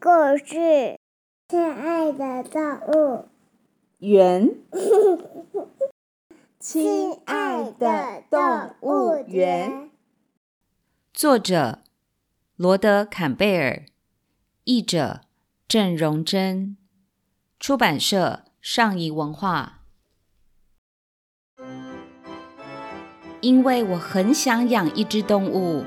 故事，《親愛，元 親愛的動物園》，親愛的動物園，作者羅德坎貝爾，譯者鄭榮珍，出版社上誼文化。因為我很想養一隻動物，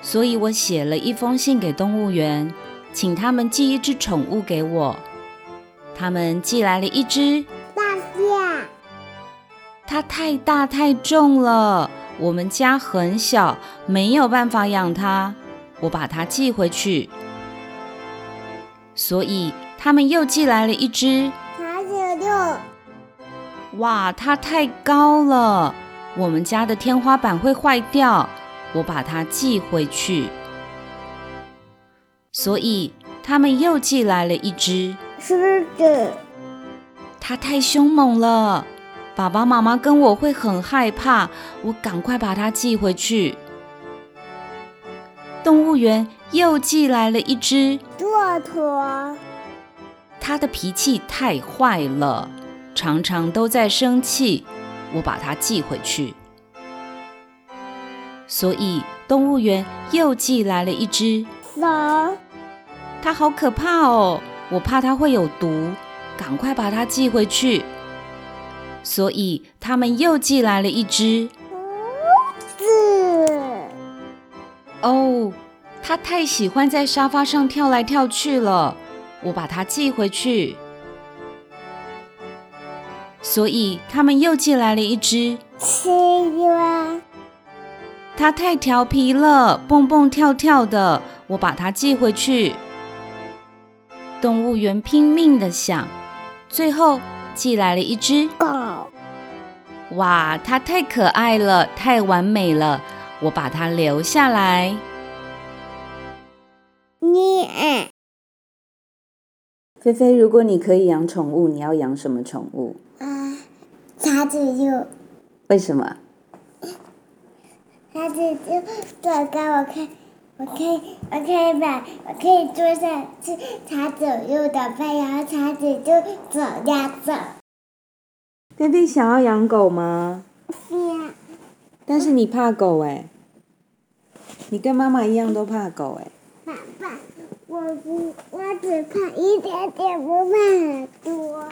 所以我寫了一封信給動物園。請他們寄一隻寵物給我。他們寄來了一隻大象，它太大太重了，我們家很小，沒有辦法養它，我把它寄回去。所以他們又寄來了一隻長頸鹿，哇，它太高了，我們家的天花板會壞掉，我把它寄回去。所以他們又寄來了一隻獅子，它父太兇猛了，爸爸媽媽跟我會很害怕，我趕快把它寄回去。動物園又寄來了一隻駱駝，它的脾氣太壞了，常常都在生氣，我把它寄回去。所以動物園又寄來了一隻。龍，它好可怕哦！我怕它會有毒，趕快把它寄回去。所以他們又寄來了一只。猴子質，哦，它太喜歡在沙發上跳來跳去了，我把它寄回去。所以他們又寄來了一只。青蛙了，它太調皮了，蹦蹦跳跳的。我把它寄回去。動物園拼命的想，最後寄來了一只狗。哇，它太可愛了，太完美了，我把它留下來。你、哎、菲菲，如果你可以養寵物，你要養什麼寵物？啊、呃，長嘴兔。為什麼？長嘴兔，轉給我看。我可以，我可以把，我可以坐上去擦走路的太陽，然後，擦子就走呀走。菲菲想要養狗嗎？是、啊。但是你怕狗哎、欸，你跟媽媽一樣都怕狗哎、欸。爸爸，我不，我只怕一點點，不怕很多。